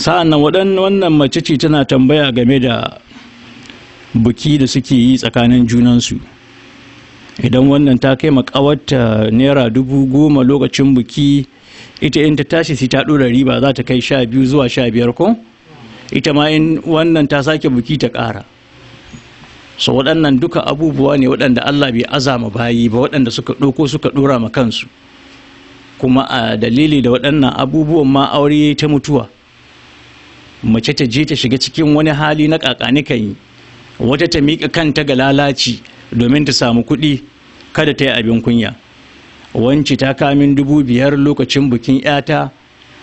sa'an nan mace ce tana tambaya game da buki da suke yi tsakanin junansu idan wannan ta kai makawarta naira dubu goma lokacin buki ita in ta tashi sai ta ɗora riba za ta kai sha biyu zuwa sha biyar ko ita ma in wannan ta sake buki ta ƙara so waɗannan duka abubuwa ne waɗanda allah bai azama bayi ba waɗanda suka ɗoko suka ɗora ma kansu kuma a dalili da waɗannan abubuwan ma aure ta mutuwa mace ta je ta shiga cikin wani hali na kakanikan yi wata ta miƙa kanta ga lalaci domin ta samu kuɗi kada ta yi abin kunya wance ta kamin dubu biyar lokacin bukin yata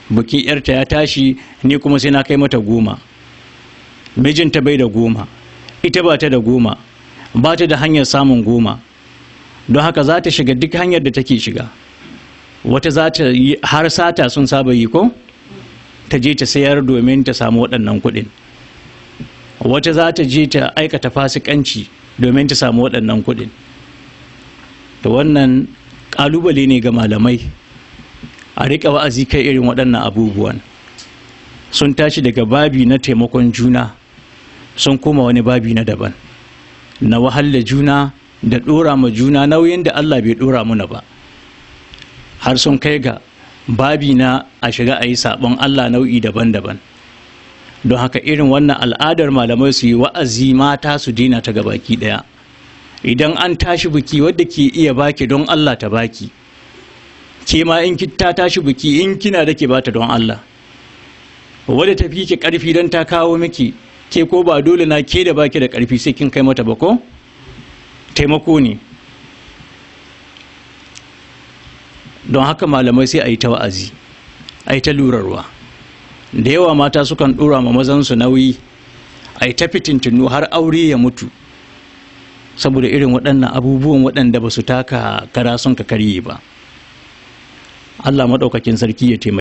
bikin yarta ya tashi ni kuma sai na kai mata goma mijinta bai da goma ita ba ta da goma ba ta da hanyar samun goma don haka za ta shiga duk hanyar da take shiga wata za ta yi har sata sun saba yi ko ta je ta sayar domin ta samu waɗannan kuɗin wata za ta je ta aikata fasikanci domin ta samu waɗannan kuɗin da wannan ƙalubale ne ga malamai a riƙa wa'azi kai irin waɗannan abubuwan sun tashi daga babi na taimakon juna sun koma wani babi na daban na wahalla juna da ɗora ma juna nauyin da allah bai ɗora muna ba har sun kai ga babi na a shiga a yi sabon Allah nau'i daban-daban don haka irin wannan al'adar malamai su yi wa'azi mata su dina ta gabaki ɗaya idan an tashi buki, wadda ke iya baki don Allah ta baki ke ma in ta tashi buki in kina da ke bata don Allah wadda ta fi ke ƙarfi don ta kawo miki ke ko ba dole na ke da baki da karfi sai kin kai mata bako? taimako ne don haka malamai sai a yi ta wa'azi a yi ta lurarwa da yawa mata sukan ɗora ma mazansu nauyi a yi ta fitintinu har aure ya mutu saboda irin waɗannan abubuwan waɗanda ba su taka kara sun ka karye ba allah maɗaukakin sarki ya taimaka